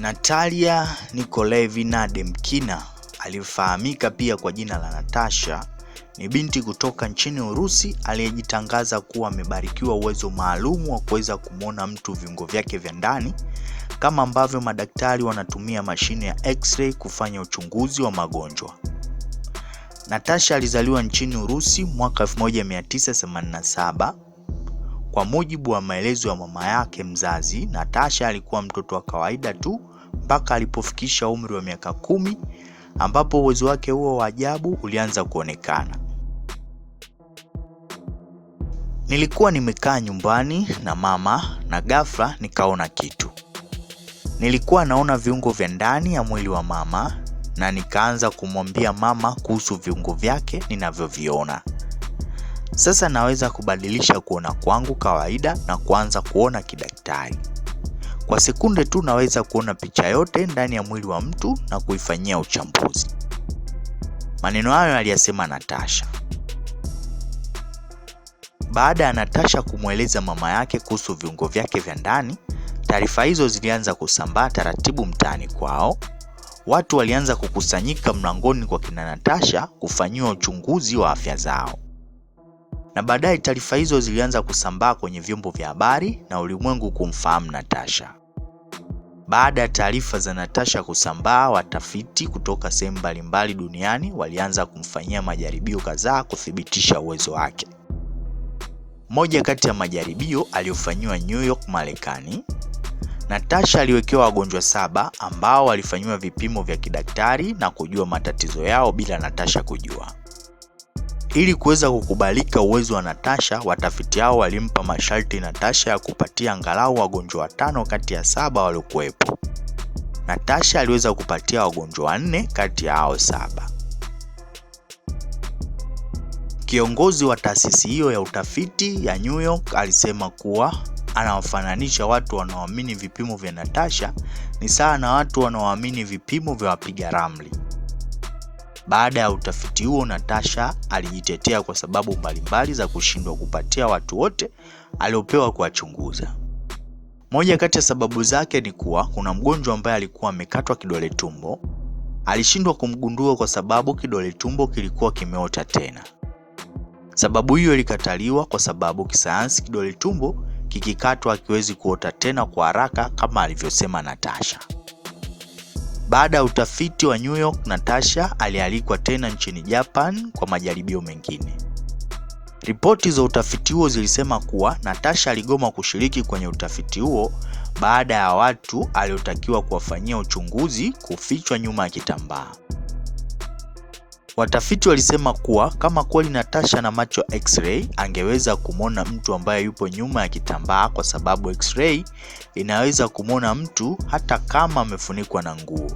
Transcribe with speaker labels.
Speaker 1: Natalia Nikolaevna Demkina aliyefahamika pia kwa jina la Natasha ni binti kutoka nchini Urusi aliyejitangaza kuwa amebarikiwa uwezo maalum wa kuweza kumwona mtu viungo vyake vya ndani kama ambavyo madaktari wanatumia mashine ya x-ray kufanya uchunguzi wa magonjwa. Natasha alizaliwa nchini Urusi mwaka 1987 kwa mujibu wa maelezo ya mama yake mzazi, Natasha alikuwa mtoto wa kawaida tu mpaka alipofikisha umri wa miaka kumi ambapo uwezo wake huo wa ajabu ulianza kuonekana. Nilikuwa nimekaa nyumbani na mama na ghafla nikaona kitu. Nilikuwa naona viungo vya ndani ya mwili wa mama na nikaanza kumwambia mama kuhusu viungo vyake ninavyoviona. Sasa naweza kubadilisha kuona kwangu kawaida na kuanza kuona kidaktari. Kwa sekunde tu naweza kuona picha yote ndani ya mwili wa mtu na kuifanyia uchambuzi. Maneno hayo aliyasema Natasha baada ya Natasha kumweleza mama yake kuhusu viungo vyake vya ndani. Taarifa hizo zilianza kusambaa taratibu mtaani kwao. Watu walianza kukusanyika mlangoni kwa kina Natasha kufanyiwa uchunguzi wa afya zao na baadaye taarifa hizo zilianza kusambaa kwenye vyombo vya habari na ulimwengu kumfahamu Natasha. Baada ya taarifa za Natasha kusambaa, watafiti kutoka sehemu mbalimbali duniani walianza kumfanyia majaribio kadhaa kuthibitisha uwezo wake. Moja kati ya majaribio aliyofanyiwa New York, Marekani, Natasha aliwekewa wagonjwa saba ambao walifanyiwa vipimo vya kidaktari na kujua matatizo yao bila Natasha kujua. Ili kuweza kukubalika uwezo wa Natasha, watafiti hao walimpa masharti Natasha ya kupatia angalau wagonjwa watano kati ya saba waliokuwepo. Natasha aliweza kupatia wagonjwa wanne kati ya hao saba. Kiongozi wa taasisi hiyo ya utafiti ya New York alisema kuwa anawafananisha watu wanaoamini vipimo vya Natasha ni sawa na watu wanaoamini vipimo vya wapiga ramli. Baada ya utafiti huo, Natasha alijitetea kwa sababu mbalimbali za kushindwa kupatia watu wote aliopewa kuwachunguza. Moja kati ya sababu zake ni kuwa kuna mgonjwa ambaye alikuwa amekatwa kidole tumbo, alishindwa kumgundua kwa sababu kidole tumbo kilikuwa kimeota tena. Sababu hiyo ilikataliwa kwa sababu kisayansi kidole tumbo kikikatwa hakiwezi kuota tena kwa haraka kama alivyosema Natasha. Baada ya utafiti wa New York, Natasha alialikwa tena nchini Japan kwa majaribio mengine. Ripoti za utafiti huo zilisema kuwa Natasha aligoma kushiriki kwenye utafiti huo baada ya watu aliotakiwa kuwafanyia uchunguzi kufichwa nyuma ya kitambaa. Watafiti walisema kuwa kama kweli Natasha na macho x-ray, angeweza kumwona mtu ambaye yupo nyuma ya kitambaa kwa sababu x-ray inaweza kumwona mtu hata kama amefunikwa na nguo.